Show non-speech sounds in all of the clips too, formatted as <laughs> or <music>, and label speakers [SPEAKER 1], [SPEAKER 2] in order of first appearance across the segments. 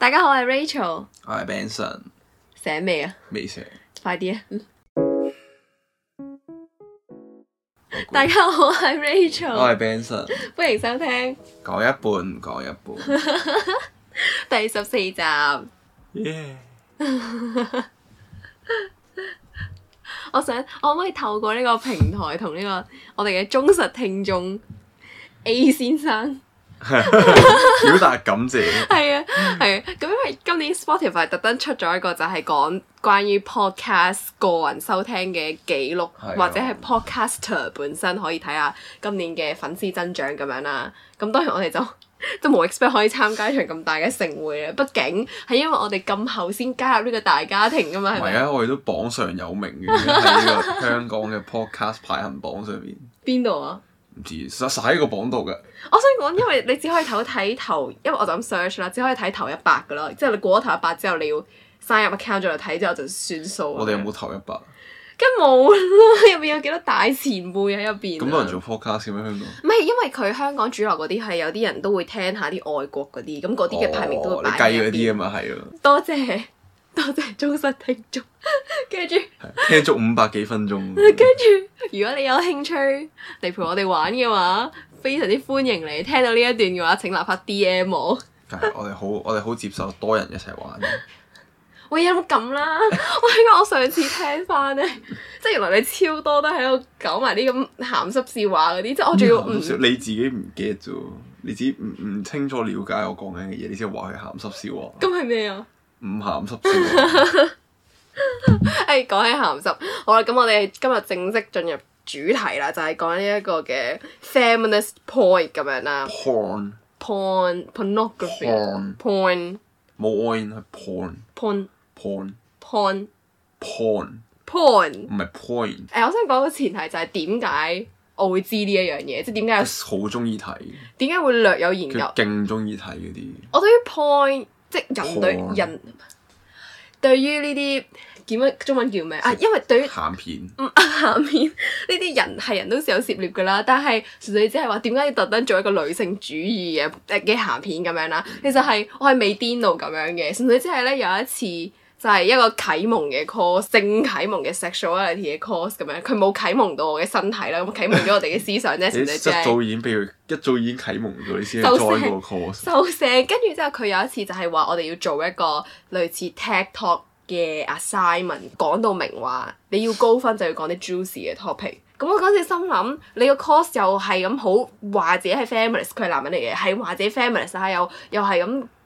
[SPEAKER 1] 大家好，我係 Rachel，
[SPEAKER 2] 我係 Benson，寫未啊？未寫，
[SPEAKER 1] 快啲啊！累大家好，我係 Rachel，我係 Benson，歡迎收聽，
[SPEAKER 2] 講一半講一半，
[SPEAKER 1] 一半 <laughs> 第十四集，耶
[SPEAKER 2] ！Yeah.
[SPEAKER 1] <laughs> 我想，我可唔可以透過呢個平台同呢個我哋嘅忠實聽眾 A 先生
[SPEAKER 2] 表 <laughs> 達感謝。
[SPEAKER 1] 係 <laughs> 啊，係啊，咁因為今年 Spotify 特登出咗一個就係講關於 podcast 個人收聽嘅記錄，啊、或者係 podcaster 本身可以睇下今年嘅粉絲增長咁樣啦。咁當然我哋就都冇 expect 可以參加一場咁大嘅盛會啦。畢竟係因為我哋咁後先加入呢個大家庭㗎嘛，係咪？係啊，
[SPEAKER 2] 我哋都榜上有名嘅喺香港嘅 podcast 排行榜上面。邊度 <laughs> 啊？唔知，實實喺個榜度嘅。
[SPEAKER 1] <laughs> 我想講，因為你只可以睇頭，因為我就咁 search 啦，只可以睇頭一百嘅咯。即係你過咗頭一百之後，你要曬入 account 再嚟睇之後就算數。我哋有
[SPEAKER 2] 冇頭一百？
[SPEAKER 1] 梗冇啦，入面有幾多大前輩喺入邊？咁多人
[SPEAKER 2] 做 podcast 咩？香港？
[SPEAKER 1] 唔係，因為佢香港主流嗰啲係有啲人都會聽下啲外國嗰啲，咁嗰啲嘅排名都會擺喺入邊、
[SPEAKER 2] oh, oh, 你計嗰啲啊嘛係咯。
[SPEAKER 1] 多謝。多謝忠實聽眾，記住
[SPEAKER 2] 聽足五百幾分鐘。
[SPEAKER 1] 跟住，如果你有興趣嚟陪我哋玩嘅話，非常之歡迎你。聽到呢一段嘅話，請立刻 D M 我。
[SPEAKER 2] 係，我哋好，我哋好接受多人一齊玩，啊。
[SPEAKER 1] 喂，有冇咁啦？我喺 <laughs> 我上次聽翻咧，即係原來你超多都喺度講埋啲咁鹹濕笑話嗰啲，即係、嗯、我仲要唔？
[SPEAKER 2] 你自己唔記得啫喎，你自己唔唔清楚了解我講緊嘅嘢，你先話佢鹹濕笑話。咁係咩啊？唔鹹
[SPEAKER 1] 濕，誒講起鹹濕，好啦，咁我哋今日正式進入主題啦，就係講呢一個嘅 feminist point 咁樣啦。Porn, porn, pornography, porn, porn, porn, porn, porn，p p n
[SPEAKER 2] n 唔係 porn。
[SPEAKER 1] 誒，我想講個前提就係點解我會知呢一樣嘢，即係點解
[SPEAKER 2] 我好中意睇？
[SPEAKER 1] 點解會略有研究？
[SPEAKER 2] 勁中意睇嗰啲。
[SPEAKER 1] 我對於 point 即人對、oh. 人對於呢啲點樣中文叫咩啊？食因為對
[SPEAKER 2] 於鹹片，
[SPEAKER 1] 鹹片、嗯、鹹片呢啲人係人都是有涉獵噶啦。但係純粹只係話點解要特登做一個女性主義嘅嘅鹹片咁樣啦？其實係我係未癲到咁樣嘅。純粹只係咧有一次。就係一個啟蒙嘅 course，性啟蒙嘅 sexuality 嘅 course 咁樣，佢冇啟蒙到我嘅身體啦，咁啟蒙咗我哋嘅思想啫，係。一早已
[SPEAKER 2] 經俾佢， <laughs> 一早已經啟蒙咗你先，想，再一個 course
[SPEAKER 1] 收聲，跟住之後佢有一次就係話我哋要做一個類似 tech talk 嘅 assignment，講到明話你要高分就要講啲 juicy 嘅 topic。咁我嗰陣時心諗，你個 course 又係咁好話自己係 feminist 佢男人嚟嘅，係話自己 feminist、啊、又又係咁。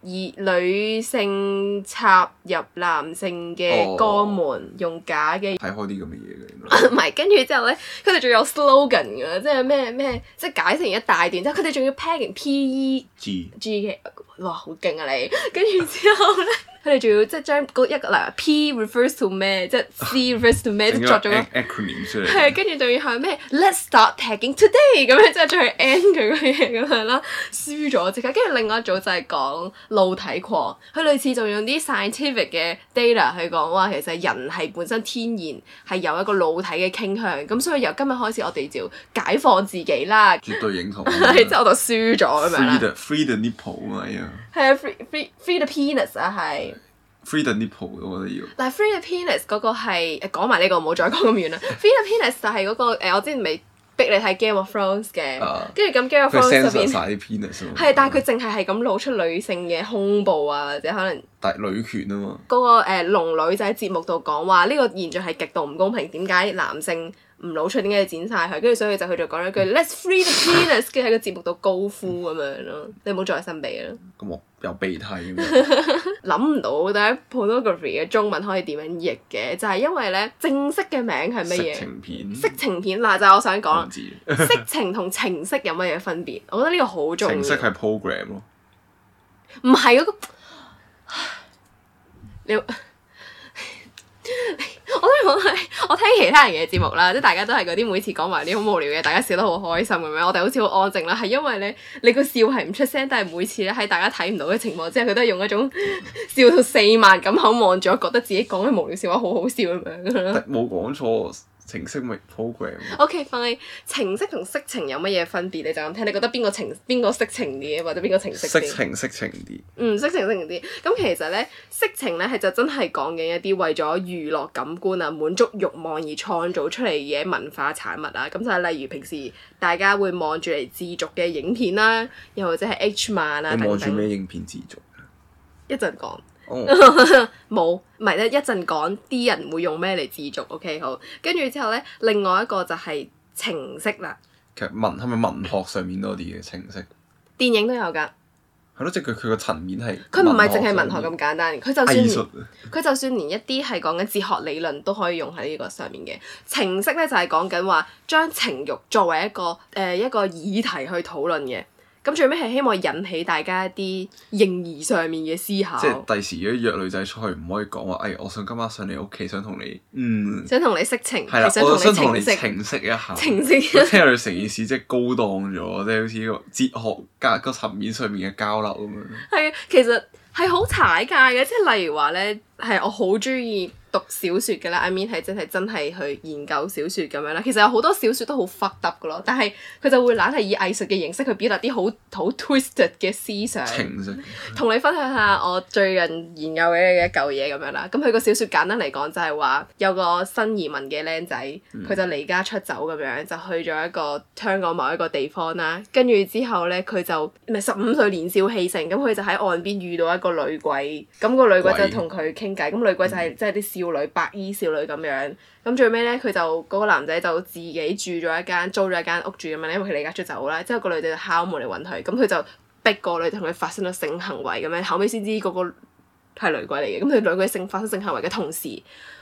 [SPEAKER 1] 而女性插入男性嘅肛門，用假嘅睇開啲咁嘅嘢嘅，唔係跟住之後咧，佢哋仲有 slogan 嘅，即係咩咩，即係解成一大段，之後佢哋仲要 tagging P E G 哇好勁啊你，跟住之後咧，佢哋仲要即係將嗰一個嗱 P refers to 咩，即係 C refers to 咩都作咗個
[SPEAKER 2] ，acronym 出嚟，
[SPEAKER 1] 係跟住仲要係咩 Let's start tagging today 咁樣，即係再 end 佢嘅嘢咁樣咯，輸咗即刻。跟住另外一組就係講。露體狂，佢類似仲用啲 scientific 嘅 data 去講話，其實人係本身天然係有一個露體嘅傾向，咁所以由今日開始我哋就解放自己啦。
[SPEAKER 2] 絕對認同。
[SPEAKER 1] 之後 <laughs> <laughs> 我就輸咗咁樣啦。
[SPEAKER 2] Free the nipple 啊，係啊。係 free
[SPEAKER 1] free free the penis 啊
[SPEAKER 2] ，free the nipple 我覺得要。
[SPEAKER 1] 嗱，free the penis 嗰個係講埋呢個，唔好再講咁遠啦。 <laughs> free the penis 就係嗰、嗰個我之前未。逼你睇 Game of Thrones 嘅，跟住咁 Game of Thrones
[SPEAKER 2] 入面，係是但係
[SPEAKER 1] 佢淨係係咁露出女性嘅胸部啊，或者可能
[SPEAKER 2] 但女權啊嘛。
[SPEAKER 1] 嗰、那個誒、呃、龍女仔喺節目、這個、度講話呢個現象係極度唔公平，點解男性唔露出，點解要剪晒佢？跟住所以就佢就講咗句 <laughs> Let's free the penis，跟住喺個節目度高呼咁樣咯。 <laughs> 你唔好再喺身邊啦。
[SPEAKER 2] <laughs> 有鼻涕，諗
[SPEAKER 1] 唔到第一 pornography 嘅 <laughs> 中文可以點樣譯嘅，就係、是、因為咧正式嘅名係乜嘢？色情片。就是、知 <laughs> 色情片嗱就係我想講，色情同情色有乜嘢分別？我覺得呢個好重要。程式
[SPEAKER 2] 係 program 咯，
[SPEAKER 1] 唔係嗰個。你。 <laughs> 我都講係，我聽其他人嘅節目啦，即係大家都係嗰啲每次講埋啲好無聊嘅，大家笑得好開心咁樣。我哋好似好安靜啦，係因為咧，你個笑係唔出聲，但係每次咧喺大家睇唔到嘅情況之下，佢都係用一種笑到四萬咁口望住，覺得自己講嘅無聊笑話好好笑咁
[SPEAKER 2] 樣。冇講錯。程式咪 program。
[SPEAKER 1] O.K.，fine，情色同色情有乜嘢分別？你就咁聽，你覺得邊個情，邊個色情
[SPEAKER 2] 啲，或者邊個情色啲？色情色情啲。嗯，
[SPEAKER 1] 色情色情啲。咁其實咧，色情咧係就真係講緊一啲為咗娛樂感官啊、滿足欲望而創造出嚟嘅文化產物啊。咁就係例如平時大家會望住嚟自慾嘅影片啦、啊，又或者係 H 漫啊。你望住咩
[SPEAKER 2] 影片自慾？
[SPEAKER 1] 一陣講。冇，唔係咧，一陣講啲人會用咩嚟自足，OK 好。跟住之後咧，另外一個就係情色啦。其
[SPEAKER 2] 實文係咪文學上面多啲嘅情色？情色
[SPEAKER 1] 電影都有噶。
[SPEAKER 2] 係咯， <laughs> 即係佢佢個層面係。佢唔係淨係文學咁
[SPEAKER 1] 簡單，佢就算佢 <laughs> 就算連一啲係講緊哲學理論都可以用喺呢個上面嘅。情色咧就係講緊話將情欲作為一個誒、呃、一個議題去討論嘅。咁最尾係希望引起大家一啲形而上面嘅思考。即係
[SPEAKER 2] 第時如果約女仔出去，唔可以講話，誒、哎，我想今晚上你屋企，想同你，嗯，
[SPEAKER 1] 想同你色情，係啦了，想同你，你情
[SPEAKER 2] 色一下。情色，我聽佢成件事即係高檔咗， <laughs> 即係好似個哲學家個層面上面嘅交流咁樣。
[SPEAKER 1] 係啊，其實係好踩界嘅，即係例如話咧，係我好中意。讀小説嘅啦，I mean 係真係真係去研究小説咁樣啦。其實有好多小説都好 fucked up 嘅咯，但係佢就會懶係以藝術嘅形式去表達啲好好 twisted 嘅思想。同式你分享下我最近研究嘅一嚿嘢咁樣啦。咁佢個小説簡單嚟講就係話有個新移民嘅僆仔，佢就離家出走咁樣，就去咗一個香港某一個地方啦。跟住之後咧，佢就唔係十五歲年少氣盛，咁佢就喺岸邊遇到一個女鬼，咁個女鬼就同佢傾偈，咁鬼女鬼就係即係啲少。嗯少女白衣少女咁樣，咁最尾咧，佢就嗰個男仔就自己住咗一間，租咗一間屋住咁樣咧，因為佢離家出走啦。之後個女仔就敲門嚟搵佢，咁佢就逼個女仔同佢發生咗性行為咁樣，後尾先知嗰個係女鬼嚟嘅。咁佢女鬼性發生性行為嘅、那個、同時，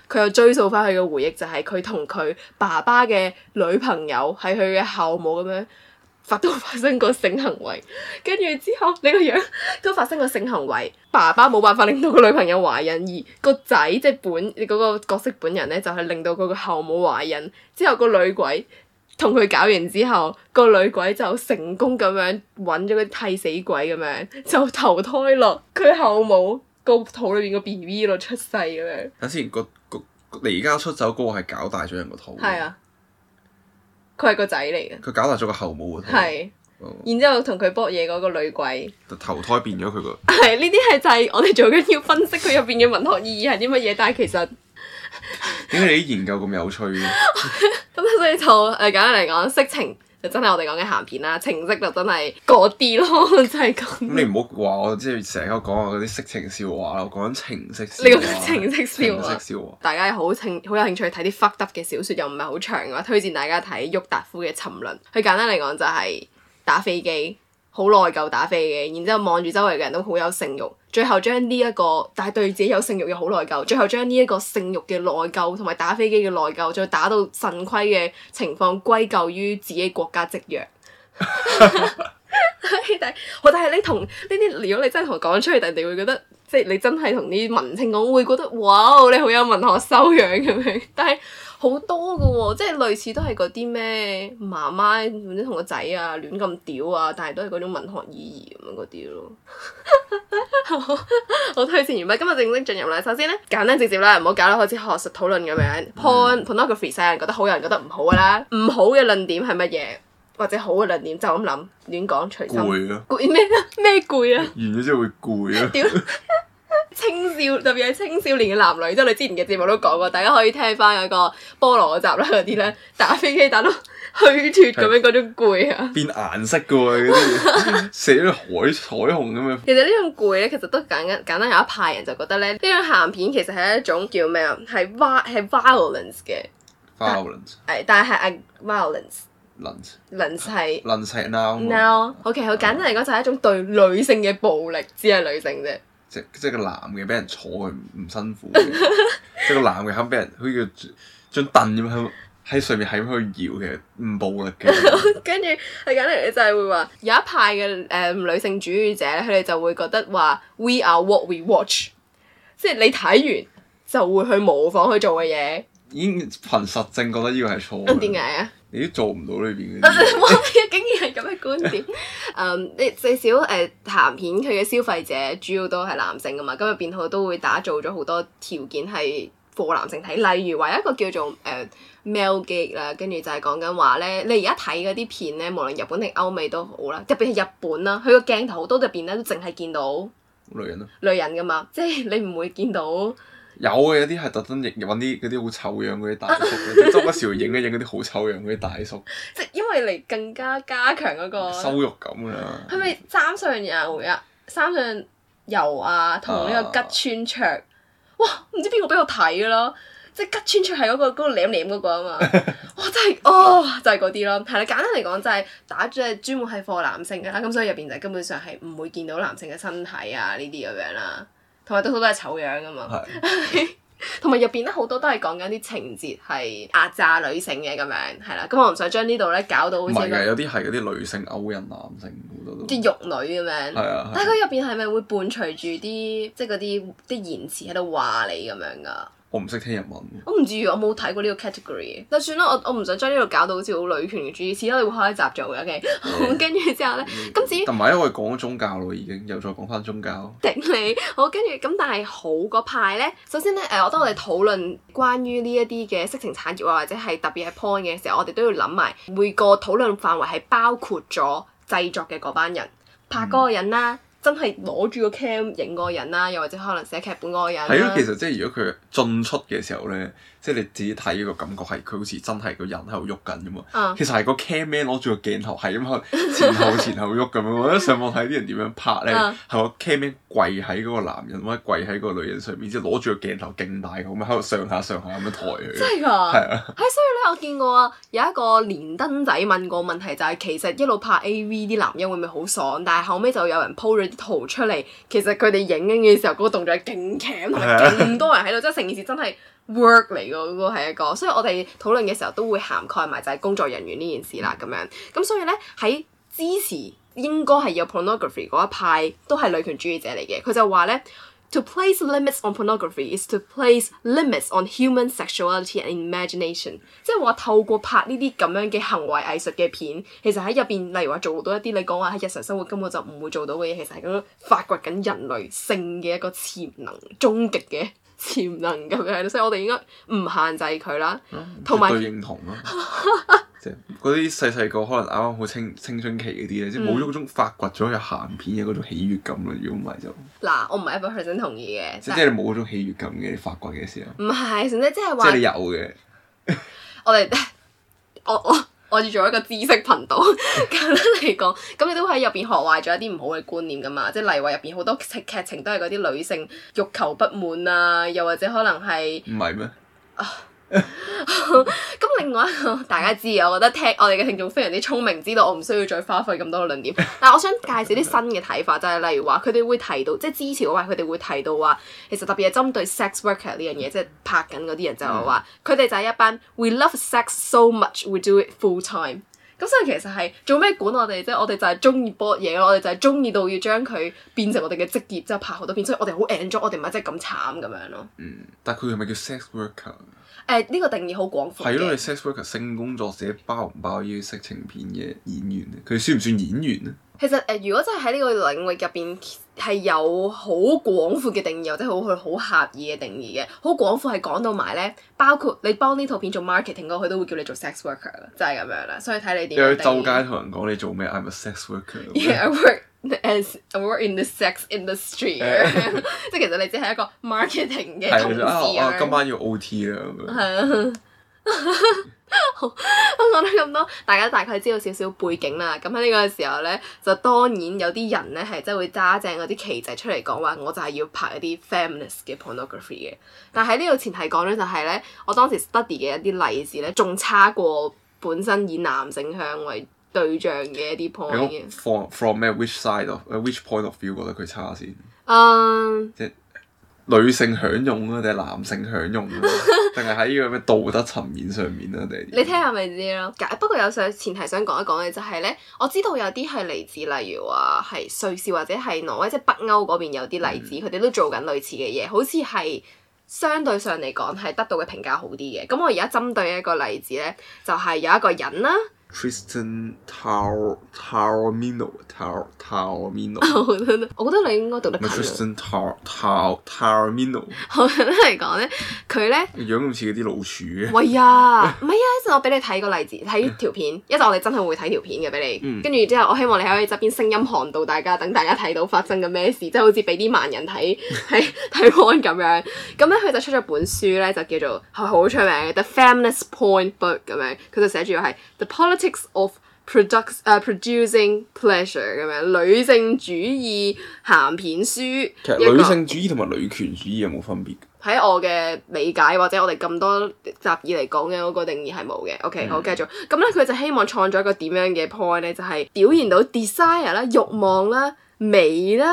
[SPEAKER 1] 佢又追溯翻佢嘅回憶，就係佢同佢爸爸嘅女朋友係佢嘅後母咁樣。發都發生過性行為，跟住之後你個樣都發生過性行為，爸爸冇辦法令到個女朋友懷孕，而個仔即係本你嗰個角色本人咧就係、是、令到佢個後母懷孕，之後個女鬼同佢搞完之後，個女鬼就成功咁樣揾咗個替死鬼咁樣就投胎落佢後母個肚裏邊個 B B 咯出世咁樣。
[SPEAKER 2] 等先，個個離家出走嗰個係搞大咗人個肚。係
[SPEAKER 1] 啊。佢係個仔嚟嘅，
[SPEAKER 2] 佢搞大咗個後母喎，係
[SPEAKER 1] 是，哦、然之後同佢搏嘢嗰個女鬼，
[SPEAKER 2] 就投胎變咗佢個，
[SPEAKER 1] 係呢啲係就係我哋做緊要分析佢入邊嘅文學意義係啲乜嘢，但係其實
[SPEAKER 2] 點解 <laughs> 你啲研究咁有趣
[SPEAKER 1] 嘅？咁 <laughs> <laughs> 所以就誒、呃、簡單嚟講，色情。真係我哋講嘅鹹片啦，情色就真係嗰啲咯，真係咁。咁、嗯、
[SPEAKER 2] 你唔好話我即係成日講我嗰啲色情笑話啦，講情色。你講情色笑話，
[SPEAKER 1] 大家好興，好有興趣睇啲 fucked up 嘅小說，又唔係好長嘅話，推薦大家睇郁達夫嘅《沉淪》，佢簡單嚟講就係打飛機。好內疚打飛嘅，然之後望住周圍嘅人都好有性慾，最後將呢一個，但係對自己有性慾又好內疚，最後將呢一個性慾嘅內疚同埋打飛機嘅內疚，再打到腎虧嘅情況歸咎於自己國家積弱。 <laughs> <laughs> <laughs> 但係、哦，但係你同呢啲，如果你真係同我講出去，人哋會覺得即係你真係同啲文青講，會覺得哇，你好有文學修養咁樣。但係，好多噶喎，即係類似都係嗰啲咩媽媽或者同個仔啊亂咁屌啊，但係都係嗰種文學意義咁樣嗰啲咯。 <laughs> 好，好推薦完畢，今日正式進入啦。首先咧，簡單直接啦，唔好搞到好似學術討論咁樣。Point, pornography，有人覺得好，有人覺得唔好噶啦。唔好嘅論點係乜嘢？或者好嘅論點就咁諗，亂講隨心。攰啊的！攰咩啊？咩攰啊？
[SPEAKER 2] 完咗之後會攰啊！ <laughs>
[SPEAKER 1] 青少，特別係青少年嘅男女，即係你之前嘅節目都講過，大家可以聽翻嗰個菠蘿集啦，嗰啲咧打飛機打到虛脫咁樣嗰種攰啊，
[SPEAKER 2] <laughs> 變顏色㗎喎，寫咗海彩虹咁樣。 <laughs> 其
[SPEAKER 1] 實種呢種攰咧，其實都簡簡單有一派人就覺得咧，呢種鹹片其實係一種叫咩啊？係 violence 嘅 violence，係但係係
[SPEAKER 2] violence，lens n s 係 n o
[SPEAKER 1] no，OK 好、oh. 簡單嚟講就係一種對女性嘅暴力，只係女性啫。
[SPEAKER 2] 即即個男嘅畀人坐佢唔辛苦，即 <laughs> 個男嘅肯俾人好似張凳咁喺喺上面喺咁去搖嘅，唔暴力嘅。
[SPEAKER 1] <laughs> 跟住佢簡直就係、是、會話，有一派嘅誒、呃、女性主義者，佢哋就會覺得話，We are what we watch，即係你睇完就會去模仿佢做嘅嘢。
[SPEAKER 2] 已經憑實證覺得呢個係錯，點解啊？你都做唔到呢邊
[SPEAKER 1] 嘅，竟然係咁嘅觀點。嗯、 <laughs> um,，你最少誒，鹹片佢嘅消費者主要都係男性噶嘛，咁入邊好都會打造咗好多條件係課男性睇，例如話一個叫做誒 male gaze 啦，跟、呃、住就係講緊話咧，你而家睇嗰啲片咧，無論日本定歐美都好啦，特別係日本啦，佢個鏡頭好多入邊咧都淨係見到
[SPEAKER 2] 女
[SPEAKER 1] 人咯，女人噶嘛，即係你唔會見到。
[SPEAKER 2] 有嘅，有啲係特登影揾啲啲好醜樣嗰啲大叔，啊、即嗰時影一影啲好醜樣嗰啲大叔。
[SPEAKER 1] 即 <laughs> 因為嚟更加加強嗰、那個羞
[SPEAKER 2] 辱感啊！
[SPEAKER 1] 係咪三上由啊？三上由啊，同呢個吉川卓，啊、哇！唔知邊個俾我睇咯？即吉川卓係嗰、那個嗰、那個舐舐嗰個啊嘛！哇、 <laughs> 就是，真係哦，就係嗰啲咯。係啦，簡單嚟講就係、是、打咗係專門係 for 男性嘅啦，咁所以入邊就根本上係唔會見到男性嘅身體啊呢啲咁樣啦。同埋都好多係醜樣㗎嘛，同埋入邊咧好多都係講緊啲情節係壓榨女性嘅咁樣，係啦，咁我唔想將呢度咧搞到好似，唔係
[SPEAKER 2] 有啲係嗰啲女性勾引男性
[SPEAKER 1] 好多啲辱女咁樣，但係佢入邊係咪會伴隨住啲即係嗰啲啲言辭喺度話你咁樣㗎？
[SPEAKER 2] 我唔識聽日文我
[SPEAKER 1] 唔至於，我冇睇過呢個 category。就算啦，我我唔想將呢度搞到好似好女權嘅主義。始終你會開一集做嘅。O、okay? K Yeah. <laughs> 好，跟住之後咧，咁至於。同埋，
[SPEAKER 2] 因為講咗宗教咯，已經又再講翻宗教。
[SPEAKER 1] 頂你！你好，跟住咁，但係好嗰派咧，首先咧，誒、呃，我當我哋討論關於呢一啲嘅色情產業啊，或者係特別係 porn 嘅時候，我哋都要諗埋每個討論範圍係包括咗製作嘅嗰班人、拍嗰個人啦。嗯真係攞住個 cam 影個人啦，又或者可能寫劇本個人。係咯，啊，其實
[SPEAKER 2] 即係如果佢進出嘅時候咧。即係你自己睇呢個感覺係，佢好似真係個人喺度喐緊啫嘛。其實係個 camera 攞住個鏡頭係咁喺前後前後喐咁樣。我覺得、 <laughs> 嗯、上網睇啲人點樣拍咧，係個 camera 跪喺嗰個男人或者跪喺個女人上面，之後攞住個鏡頭勁大個，咁喺度上下上下咁樣抬佢。真
[SPEAKER 1] 係㗎？係、啊，所以咧我見過啊，有一個連登仔問過問題就係、是，其實一路拍 AV 啲男優會唔會好爽？但係後尾就有人 po 咗啲圖出嚟，其實佢哋影緊嘅時候嗰個動作勁攬，勁多人喺度，即係成件事真係～ <laughs> work 嚟㗎嗰個係一個，所以我哋討論嘅時候都會涵蓋埋就係工作人員呢件事啦咁樣。咁所以咧喺支持應該係有 pornography 嗰一派都係女權主義者嚟嘅，佢就話咧，to place limits on pornography is to place limits on human sexuality and imagination，即係話透過拍呢啲咁樣嘅行為藝術嘅片，其實喺入邊例如話做到一啲你講話喺日常生活根本就唔會做到嘅嘢，其實係佢發掘緊人類性嘅一個潛能終極嘅。潛能咁樣所以我哋應該唔限制佢啦，嗯、有對同埋認
[SPEAKER 2] 同咯。即係嗰啲細細個可能啱啱好青青春期嗰啲咧，嗯、即係冇咗嗰種發掘咗有鹹片嘅嗰種喜悅感咯。如果唔係就
[SPEAKER 1] 嗱，我唔係 every person 同意嘅，即你冇
[SPEAKER 2] 嗰種喜悅感嘅你發掘嘅時候。
[SPEAKER 1] 唔係，甚至即係話，即係你有
[SPEAKER 2] 嘅 <laughs> ，
[SPEAKER 1] 我哋我我。我我哋做一個知識頻道，簡單嚟講，咁 <laughs> 你都喺入邊學壞咗一啲唔好嘅觀念㗎嘛？即係例如話入邊好多劇情都係嗰啲女性欲求不滿啊，又或者可能係唔係咩啊？咁 <laughs> 另外一個大家知嘅，我覺得聽我哋嘅聽眾非常之聰明，知道我唔需要再花費咁多嘅論點。但係我想介紹啲新嘅睇法，就係例如話佢哋會提到，即係之前嘅話佢哋會提到話，其實特別係針對 sex worker 呢樣嘢，即係拍緊嗰啲人就係話，佢哋就係一班 we love sex so much we do it full time。咁所以其實係做咩管我哋？即係我哋就係中意播嘢咯，我哋就係中意到要將佢變成我哋嘅職業，即係拍好多片，所以我哋好 enjoy，我哋唔係即係咁慘咁樣咯、嗯。
[SPEAKER 2] 但係佢係咪叫 sex worker？
[SPEAKER 1] 誒呢、uh, 個定義好廣闊嘅，係咯？你
[SPEAKER 2] sex worker 性工作者包唔包呢啲色情片嘅演員咧？佢算唔算演員咧？
[SPEAKER 1] 其實誒，uh, 如果真係喺呢個領域入邊係有好廣闊嘅定義，或者好佢好狹義嘅定義嘅，好廣闊係講到埋咧，包括你幫呢套片做 marketing 嗰個，佢都會叫你做 sex worker，就係、是、咁樣啦。所以睇你點樣。有啲周街
[SPEAKER 2] 同人講你做咩？I'm a sex worker。Yeah, I
[SPEAKER 1] work. as we're in the sex industry， <laughs> <laughs> 即係其實你只係一個 marketing 嘅同事。 <laughs> 今晚要 OT 啦。講咗咁多，大家大概知道少少背景啦。咁喺呢個時候咧，就當然有啲人咧係真係會揸正嗰啲旗仔出嚟講話，我就係要拍一啲 feminist 嘅 pornography 嘅。但喺呢個前提講咧，就係咧，我當時 study 嘅一啲例子咧，仲差過本身以男性向為對象嘅一啲 point
[SPEAKER 2] from from 咩？Which side of？which point of view 覺得佢差先？誒，um, 即女性享用啊，定係男性享用啊？定係喺呢個咩道德層面上面啊？定
[SPEAKER 1] 你聽下咪知咯。不過有想前提想講一講嘅就係咧，我知道有啲係嚟自，例如話係瑞士或者係挪威，即北歐嗰邊有啲例子，佢哋、嗯、都做緊類似嘅嘢，好似係相對上嚟講係得到嘅評價好啲嘅。咁我而家針對一個例子咧，就係、是、有一個人啦。
[SPEAKER 2] Tristan Taormino，Taormino，我
[SPEAKER 1] 覺得，我覺得你應該讀得佢。Tristan
[SPEAKER 2] Taormino，
[SPEAKER 1] 好難嚟講咧，佢咧，
[SPEAKER 2] 樣咁似嗰啲老鼠。喂呀，
[SPEAKER 1] 唔係呀，一陣我俾你睇個例子，睇條片。一陣我哋真係會睇條片嘅，俾你。跟住之後，我希望你喺側邊聲音航到大家等大家睇到發生緊咩事，即係好似俾啲盲人睇睇睇番咁樣。咁樣佢就出咗本書咧，就叫做係好出名嘅《The Feminist Porn Book》咁樣。佢就寫住係《The Politics of produce 啊、uh,，producing pleasure 咁樣，女性主義鹹片書。其實女性
[SPEAKER 2] 主義同埋女權主義有冇分別？
[SPEAKER 1] 喺我嘅理解或者我哋咁多集以嚟講嘅嗰、那個定義係冇嘅。OK，、嗯、好，繼續。咁咧佢就希望創作一個點樣嘅 point 咧，就係、是、表現到 desire 啦、慾望啦、美啦、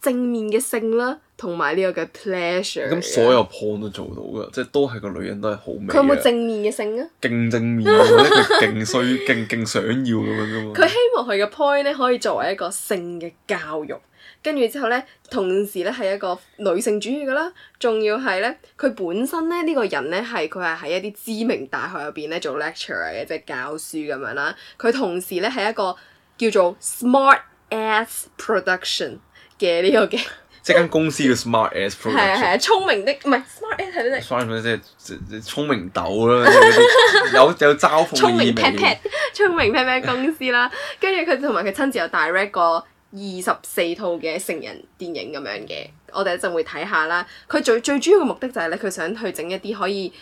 [SPEAKER 1] 正面嘅性啦。同埋呢個嘅 pleasure。咁所
[SPEAKER 2] 有 point 都做到噶，即係都係個女人都係好明。佢有冇正面嘅性啊？勁正面啊！一個勁衰、勁勁想要咁樣噶。佢
[SPEAKER 1] 希望佢嘅 point 咧可以作為一個性嘅教育，跟住之後咧，同時咧係一個女性主義噶啦，仲要係咧佢本身咧呢、呢個人咧係佢係喺一啲知名大學入邊咧做 lecturer 嘅，即係教書咁樣啦。佢同時咧係一個叫做 smart ass production 嘅呢、呢個嘅。 <laughs>
[SPEAKER 2] 即係間公司叫 Smart S Production 係係係，
[SPEAKER 1] 聰明的唔係 Smart S 係咩嚟
[SPEAKER 2] ？Smart S 即係即聰明豆啦， <laughs> 有有嘲諷意味。聰明 Pat Pat，
[SPEAKER 1] 聰明 Pat Pat 公司啦。跟住佢同埋佢親自有 direct 過二十四套嘅成人電影咁樣嘅，我哋一陣會睇下啦。佢最最主要嘅目的就係咧，佢想去整一啲可以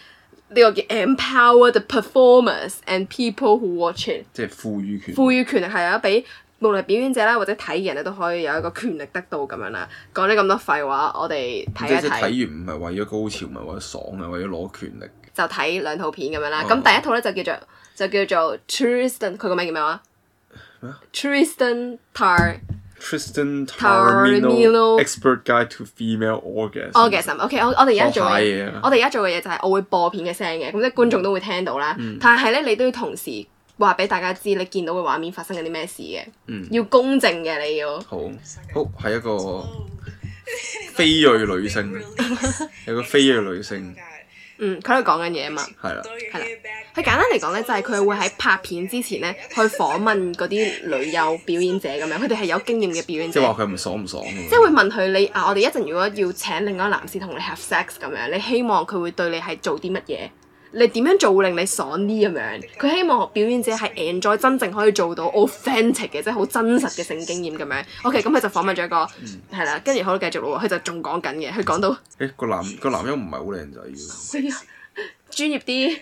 [SPEAKER 1] 呢、這個叫 Empower the performers and people who watch it，
[SPEAKER 2] 即係賦予權，賦
[SPEAKER 1] 予權力係啊，俾。幕嚟表演者啦，或者睇人咧，都可以有一個權力得到咁樣啦。講啲咁多廢話，我哋睇係睇
[SPEAKER 2] 完唔係為咗高潮，唔係為咗爽啊，為咗攞權力。
[SPEAKER 1] 就睇兩套片咁樣啦。咁、哦、第一套咧就叫做就叫做 Tristan，佢個名叫咩話？t r i s t a n Tar。
[SPEAKER 2] Tristan t a r Expert Guide to Female Orgasm、哦。o r s m
[SPEAKER 1] o k 我我哋而家做嘅
[SPEAKER 2] 嘢，我哋而家
[SPEAKER 1] 做嘅嘢、哦、就係我會播片嘅聲嘅，咁即係觀眾都會聽到啦。Mm. 但係咧，你都要同時。話俾大家知你見到嘅畫面發生緊啲咩事嘅，嗯、要公正嘅，你要。
[SPEAKER 2] 好，好係一個非裔女性，
[SPEAKER 1] <laughs>
[SPEAKER 2] 一個非裔女性。
[SPEAKER 1] 嗯，佢喺度講緊嘢啊嘛。係啦，係啦。佢簡單嚟講咧，就係、是、佢會喺拍片之前咧，去訪問嗰啲女優表演者咁樣，佢哋係有經驗嘅表演者。不爽不
[SPEAKER 2] 爽，即係話佢唔爽唔爽，
[SPEAKER 1] 即係會問佢，你啊，我哋一陣如果要請另外一個男士同你 have sex 咁樣，你希望佢會對你係做啲乜嘢？你點樣做會令你爽啲咁樣？佢希望表演者係 enjoy 真正可以做到 authentic 嘅，即係好真實嘅性經驗咁樣。OK，咁佢就訪問咗一個，係啦、嗯，跟住好繼續咯，佢就仲講緊嘅，佢講到
[SPEAKER 2] 誒個、欸、男個男人唔係好靚仔喎，
[SPEAKER 1] <laughs> 專業啲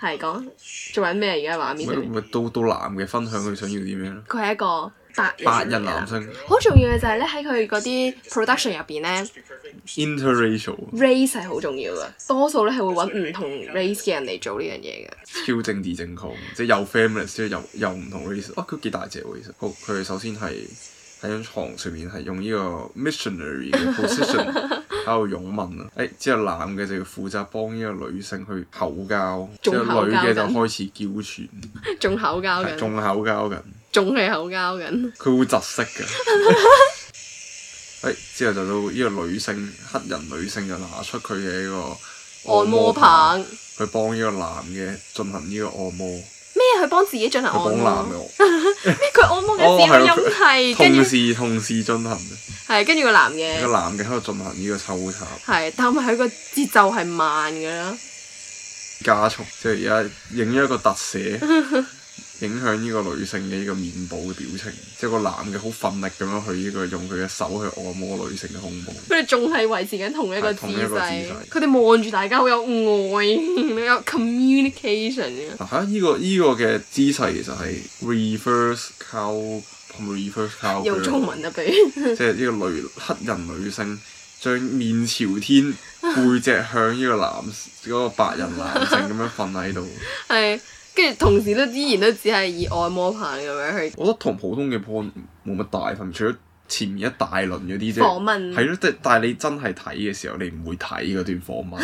[SPEAKER 1] 係講做緊咩而家畫面？
[SPEAKER 2] 唔係 <laughs> 到到男嘅分享佢想要啲咩，
[SPEAKER 1] 佢係一個。八人男生，好重要嘅就係咧喺佢嗰啲 production 入邊咧
[SPEAKER 2] ，interracial
[SPEAKER 1] race 係好重要噶，多數咧係會揾唔同 race 嘅人嚟做呢樣嘢嘅，
[SPEAKER 2] 超政治正確，即係又 famous i l 又又唔同 race，哦，佢幾大隻喎，其實，佢佢首先係喺張床上面係用呢個 missionary 嘅 position 喺度勇吻啊，誒之後男嘅就要負責幫呢個女性去口交，即係女嘅就開始叫喘，
[SPEAKER 1] 仲口交緊，仲
[SPEAKER 2] 口交緊。
[SPEAKER 1] 仲係口交緊，
[SPEAKER 2] 佢會窒息嘅。誒，之後就到呢個女性黑人女性就拿出佢嘅呢個按摩棒，去幫呢個男嘅進行呢個按摩。
[SPEAKER 1] 咩？佢幫自己進行按摩？咩？佢按摩嘅自音係同
[SPEAKER 2] 時同時進行嘅。
[SPEAKER 1] 係，跟住個男嘅，個
[SPEAKER 2] 男嘅喺度進行呢個抽查。
[SPEAKER 1] 係，但係佢個節奏係慢嘅啦。
[SPEAKER 2] 加速，即係而家影咗一個特寫。影響呢個女性嘅呢個面部嘅表情，即係個男嘅好奮力咁樣去呢個用佢嘅手去按摩女性嘅胸部。佢哋
[SPEAKER 1] 仲係維持緊同一個姿勢，佢哋望住大家好有愛， <laughs> 有 communication
[SPEAKER 2] 啊！呢、這個呢、這個嘅姿勢其實係 reverse cow reverse cow 中文啊，比如即係呢個女黑人女性將面朝天背脊向呢個男嗰個 <laughs> 白人男性咁樣瞓喺度，係 <laughs> 。
[SPEAKER 1] 跟住同時都依然都只係以按摩棒咁樣
[SPEAKER 2] 去，我覺得同普通嘅 porn 冇乜大分別，除咗前面一大輪嗰啲啫。訪問係咯，即係但係你真係睇嘅時候，你唔會睇嗰段訪問，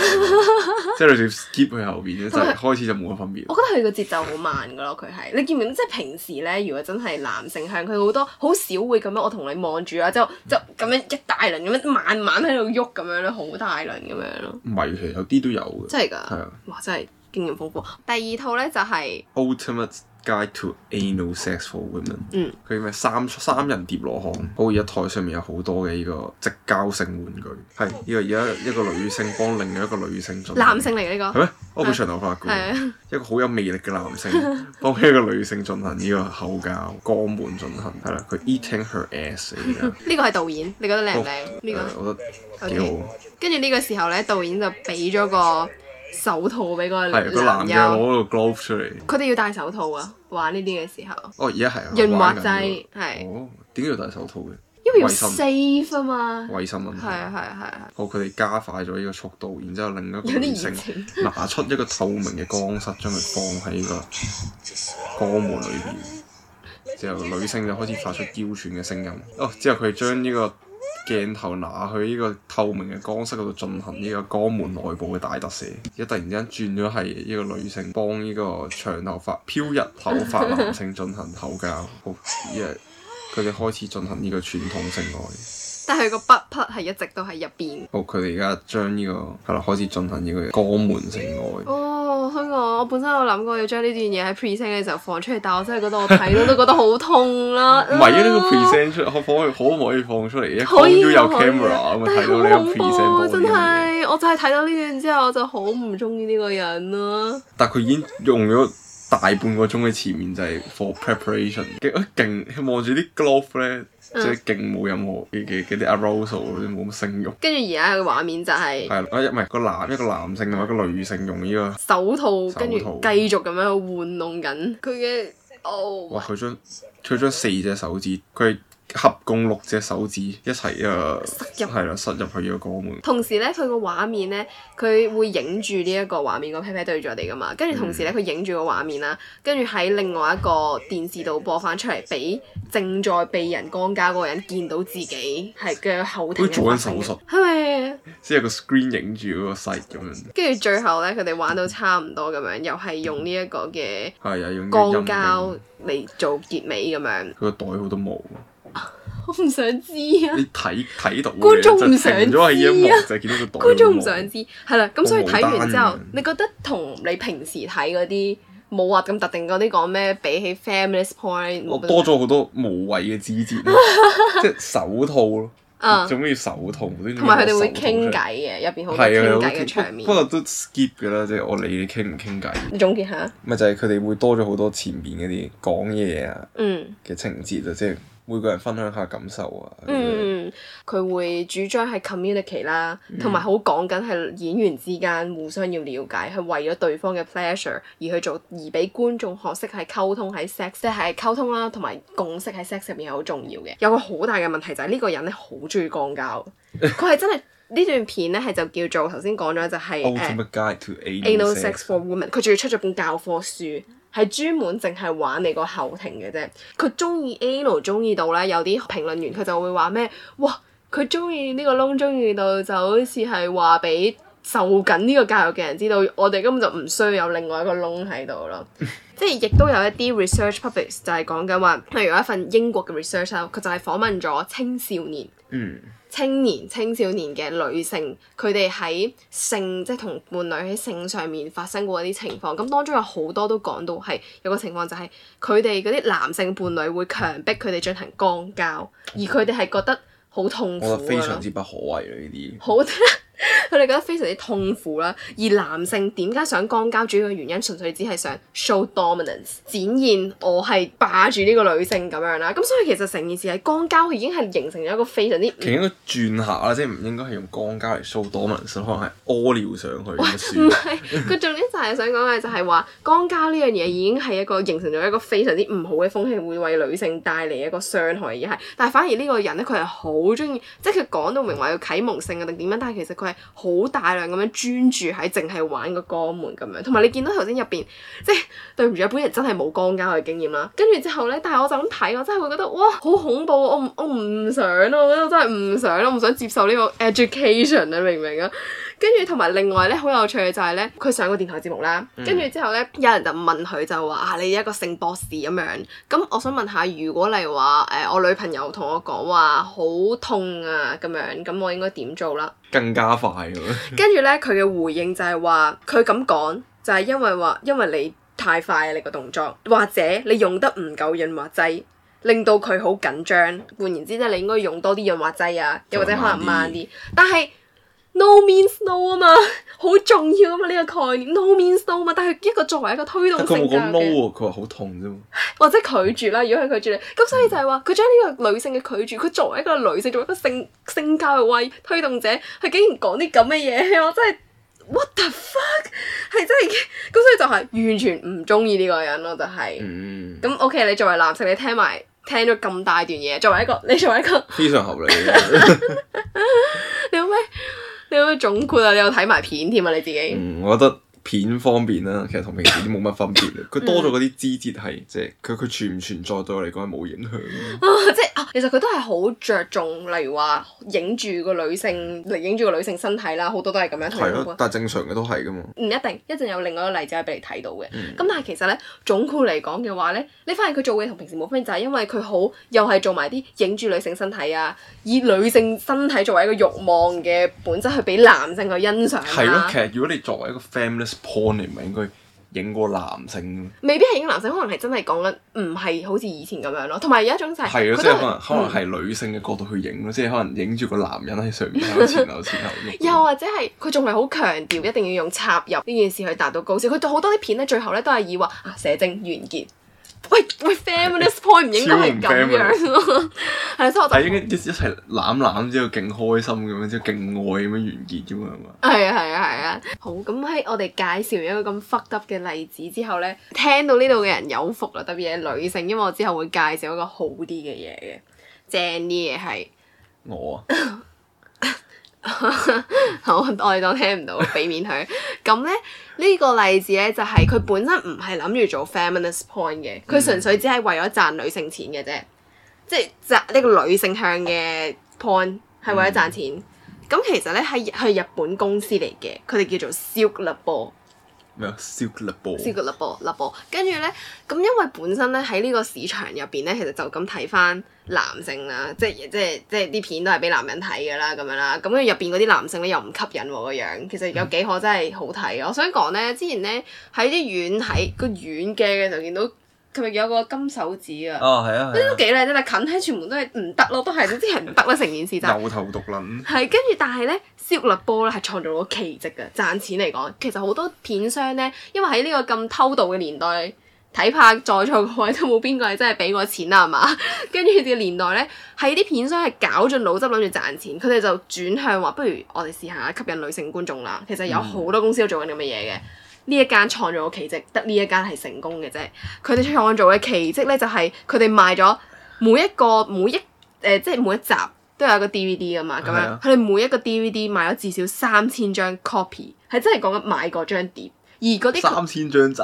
[SPEAKER 1] 即係
[SPEAKER 2] 你要 skip 佢後邊咧，就且開始就冇乜分別。 <laughs> 我
[SPEAKER 1] 覺得佢嘅節奏好慢噶咯，佢係你見唔見？即係平時咧，如果真係男性向，佢好多好少會咁樣，我同你望住啊，就就咁樣一大輪咁樣，慢慢喺度喐咁樣咯，好大輪咁樣咯。
[SPEAKER 2] 唔係，其實有啲都有嘅。真係㗎。哇！真
[SPEAKER 1] 係。第二套咧就係
[SPEAKER 2] Ultimate Guide to Anal Sex for Women。嗯，佢咪三三人疊羅漢，我而家台上面有好多嘅呢個直交性玩具，係呢個而家一個女性幫另外一個女性進行。男性嚟嘅呢個係咩長頭髮官，一個好有魅力嘅男性幫一個女性進行呢個口交肛門進行，係啦，佢 Eating Her Ass。呢個係導演，
[SPEAKER 1] 你覺得靚唔靚？呢個我覺得幾好。跟住呢個時候咧，導演就俾咗個。手套俾個男嘅攞
[SPEAKER 2] 個 glove 出嚟，
[SPEAKER 1] 佢哋要戴手套啊，玩呢啲嘅時候。
[SPEAKER 2] 哦,而家係啊。潤滑劑係。哦，點解要戴手套嘅？因為要
[SPEAKER 1] safe 啊嘛。衛生問題。係啊係啊係
[SPEAKER 2] 啊。好，佢哋加快咗呢個速度，然之後另一個男性拿出一個透明嘅肛塞，將佢放喺個肛門裏邊，之後女性就開始發出嬌喘嘅聲音。哦，之後佢哋將呢個。鏡頭拿去呢個透明嘅光室嗰度進行呢個肛門內部嘅大特寫，一突然之間轉咗係呢個女性幫呢個長頭髮飄逸頭髮男性進行口交，好似啊，佢哋開始進行呢個傳統性愛。
[SPEAKER 1] 但係個筆筆係一直都喺入邊。
[SPEAKER 2] 好，佢哋而家將呢個係啦，開始進行呢個肛門城外。
[SPEAKER 1] 哦，香港，我本身有諗過要將呢段嘢喺 present 嘅時候放出嚟，但係我真係覺得我睇到都覺得好痛啦。唔係 <laughs> 啊，呢、呢個 present
[SPEAKER 2] 出可可可唔可以放出嚟？可以。可以可以。好恐怖，真係！
[SPEAKER 1] 我就係睇到呢段之後，我就好唔中意呢個人咯。
[SPEAKER 2] 但係佢已經用咗。大半個鐘嘅前面就係 for preparation，誒勁望住啲 glove 咧，即係勁冇任何嘅嘅啲 arousal 啲冇乜性慾。
[SPEAKER 1] 跟住而家個畫面就係係
[SPEAKER 2] 啊，唔係個男一個男性同埋個女性用呢、這個手
[SPEAKER 1] 套，跟住繼續咁樣去玩弄緊佢嘅哦。Oh. 哇！佢
[SPEAKER 2] 將佢將四隻手指佢。合共六隻手指一齊啊入，塞入係啦，塞入去個肛門。
[SPEAKER 1] 同時咧，佢個畫面咧，佢會影住呢一、嗯、個畫面個 pat pat 對住我哋噶嘛。跟住同時咧，佢影住個畫面啦，跟住喺另外一個電視度播翻出嚟，俾正在被人肛交嗰個人見到自己係嘅後庭。好似做緊手術，係咪
[SPEAKER 2] 先？ <laughs> 有個 screen 影住嗰個 site 咁樣。
[SPEAKER 1] 跟住最後咧，佢哋玩到差唔多咁樣，又係用呢一個嘅
[SPEAKER 2] 係呀，用肛交
[SPEAKER 1] 嚟做結尾咁樣。
[SPEAKER 2] 佢個、嗯嗯、袋好多毛。
[SPEAKER 1] 我唔想知啊！你
[SPEAKER 2] 睇睇到，觀眾唔想知啊！觀眾唔想
[SPEAKER 1] 知，係啦。咁所以睇完之後，你覺得同你平時睇嗰啲冇話咁特定嗰啲講咩？比起 Family Point，我多咗
[SPEAKER 2] 好多無謂嘅枝節，即係手套咯。啊！仲要手套，同埋佢哋會
[SPEAKER 1] 傾偈嘅入邊，好傾偈嘅場面。
[SPEAKER 2] 不過都 skip 噶啦，即係我理你傾唔傾偈。總結下，咪就係佢哋會多咗好多前面嗰啲講嘢啊，嗯嘅情節啊，即係。每個人分享下感受啊！
[SPEAKER 1] 嗯，佢會主張係 communicate 啦、嗯，同埋好講緊係演員之間互相要了解，去為咗對方嘅 pleasure 而去做，而俾觀眾學識係溝通喺 sex，即係溝通啦、啊，同埋共識喺 sex 入面係好重要嘅。有個好大嘅問題就係、是、呢、這個人咧，好中意肛交，佢係 <laughs> 真係呢段片咧係就叫做頭先講咗就係、是《 <laughs> u、
[SPEAKER 2] uh, Anal Sex
[SPEAKER 1] for Women》，佢仲要出咗本教科書。係專門淨係玩你個後庭嘅啫，佢中意 anal 中意到咧，有啲評論員佢就會話咩？哇！佢中意呢個窿中意到就好似係話俾受緊呢個教育嘅人知道，我哋根本就唔需要有另外一個窿喺度咯。 <laughs> 即係亦都有一啲 research public 就係講緊話，例如有一份英國嘅 research 啦，佢就係訪問咗青少年。嗯。青年、青少年嘅女性，佢哋喺性即係同伴侶喺性上面發生過一啲情況，咁當中有好多都講到係有個情況就係佢哋嗰啲男性伴侶會強迫佢哋進行肛交，而佢哋係覺得好痛苦。覺得非常之
[SPEAKER 2] 不可畏呢啲。
[SPEAKER 1] 好。 <laughs> 佢哋覺得非常之痛苦啦，而男性點解想肛交？主要嘅原因純粹只係想 show dominance，展現我係霸住呢個女性咁樣啦。咁所以其實成件事係肛交已經係形成咗一個非常之……其實應該
[SPEAKER 2] 轉下啦，即係唔應該係用肛交嚟 show dominance，可能係屙尿上去咁唔係，
[SPEAKER 1] 佢 <laughs> 重點就係想講嘅就係話，肛交呢樣嘢已經係一個形成咗一個非常之唔好嘅風氣，會為女性帶嚟一個傷害而係。但係反而呢個人咧，佢係好中意，即係佢講到明話要啟蒙性啊定點樣，但係其實佢。係好大量咁樣專注喺淨係玩個肛門咁樣，同埋你見到頭先入邊，即係，對唔住本人真係冇肛交嘅經驗啦。跟住之後咧，但係我就咁睇，我真係會覺得哇，好恐怖！我唔我唔想啊，我，我，覺得我真係唔想咯，唔想接受呢個 education 你明唔明啊？跟住同埋另外咧，好有趣嘅就係咧，佢上個電台節目啦。跟住之後咧，有人就問佢就話：啊，你一個性博士咁樣。咁、嗯嗯、我想問下，如果嚟話誒，我女朋友同我講話好痛啊咁樣，咁我應該點做啦？
[SPEAKER 2] 更加快跟
[SPEAKER 1] 住咧，佢嘅回應就係話：佢咁講就係、是、因為話，因為你太快啊，你個動作，或者你用得唔夠潤滑劑，令到佢好緊張。換言之咧，你應該用多啲潤滑劑啊，又或者可能，可能慢啲。但係 No means no 啊嘛，好 <laughs> 重要啊嘛呢、這個概念。No means no 啊嘛，但係一個作為一個推動性格，佢冇
[SPEAKER 2] 佢話好痛啫
[SPEAKER 1] 嘛。或者拒絕啦，如果係拒絕你，咁所以就係話佢將呢個女性嘅拒絕，佢、嗯、作為一個女性，作為一個性性教育嘅推動者，佢竟然講啲咁嘅嘢，我真係 what the fuck，係真係，咁所以就係完全唔中意呢個人咯，就係、是。咁、嗯、OK，你作為男性，你聽埋聽咗咁大段嘢，作為一個你作為一
[SPEAKER 2] 個非常合理嘅嘢，
[SPEAKER 1] <laughs> <laughs> 你講咩？你有冇總括啊？你有睇埋片添啊？你自己。嗯，
[SPEAKER 2] 我覺得。片方面啦，其實同平時都冇乜分別啊，佢多咗嗰啲枝節係，即係佢佢存唔存在對我嚟講係冇影響，
[SPEAKER 1] 即係啊，其實佢都係好着重，例如話影住個女性嚟影住個女性身體啦，好多都係咁樣睇、嗯、
[SPEAKER 2] 但係正常嘅都係㗎嘛。唔
[SPEAKER 1] 一定，一陣有另外一個例子俾你睇到嘅。咁、嗯、但係其實咧總括嚟講嘅話咧，你發現佢做嘢同平時冇分別，就係因為佢好又係做埋啲影住女性身體啊，以女性身體作為一個慾望嘅本質去俾男性去欣賞、啊。係咯、嗯，其實
[SPEAKER 2] 如果你作為一個 famous porn 唔係應該影過男性咩？
[SPEAKER 1] 未必係影男性，可能係真係講緊唔係好似以前咁樣咯。同埋有，有一種就係，的都即可能、嗯、可能係
[SPEAKER 2] 女性嘅角度去影咯，即係可能影住個男人喺上面有錢有錢，
[SPEAKER 1] 又或者係佢仲係好強調一定要用插入呢件事去達到高潮。佢對好多啲片咧，最後咧都係以話啊，射精完結。喂， <noise> <laughs> <laughs> 我 family point 唔應該係咁樣咯，係 <noise> 啊，所以
[SPEAKER 2] 一齊攬攬之後勁開心咁樣，之後勁愛咁樣完結咗啊嘛，
[SPEAKER 1] 係啊係啊係啊，好，咁喺我哋介紹完一個咁 fucked up 嘅例子之後咧，聽到呢度嘅人有福啦，特別係女性，因為我之後會介紹一個好啲嘅嘢嘅，正啲嘢係我啊。 <laughs> 好， <laughs> 我哋當聽唔到，俾面佢。咁 <laughs> 咧呢、呢個例子咧，就係、是、佢本身唔係諗住做 feminist point 嘅，佢純粹只係為咗賺女性錢嘅啫，即係賺呢個女性向嘅 point 係為咗賺錢。咁、嗯、其實咧係去日本公司嚟嘅，佢哋叫做 Silk Labo
[SPEAKER 2] 咩啊？《Secret Love Ball》《Secret
[SPEAKER 1] Love Ball》Love Ball，跟住咧，咁因為本身咧喺呢個市場入邊咧，其實就咁睇翻男性啦，即係即係即係啲片都係俾男人睇㗎啦，咁樣啦，咁跟住入邊嗰啲男性咧又唔吸引喎，個樣，其實有幾可真係好睇。 <laughs> 我想講咧，之前咧喺啲遠喺個遠鏡就見到。佢咪有個金手指、
[SPEAKER 2] oh, 啊！哦、啊，嗰啲、啊、都幾
[SPEAKER 1] 靚啫，近喺全部都係唔得咯，都係啲真係唔得咯，成件事就牛 <laughs>
[SPEAKER 2] 頭獨麟。係
[SPEAKER 1] 跟住，但係咧，肖納波咧係創造咗奇蹟㗎，賺錢嚟講，其實好多片商咧，因為喺呢個咁偷渡嘅年代，睇怕在座各位都冇邊 <laughs> 個係真係俾過錢啦，係嘛？跟住嘅年代咧，喺啲片商係搞盡腦汁諗住賺錢，佢哋就轉向話，不如我哋試下吸引女性觀眾啦。其實有好多公司都做緊咁嘅嘢嘅。嗯呢一間創造嘅奇蹟，得呢一間係成功嘅啫。佢哋創造嘅奇蹟咧，就係佢哋賣咗每一個每一誒、呃，即係每一集都有一個 DVD 噶嘛。咁樣佢哋 <laughs> 每一個 DVD 賣咗至少三千張 copy，係真係講緊買過張碟。而嗰啲三千張集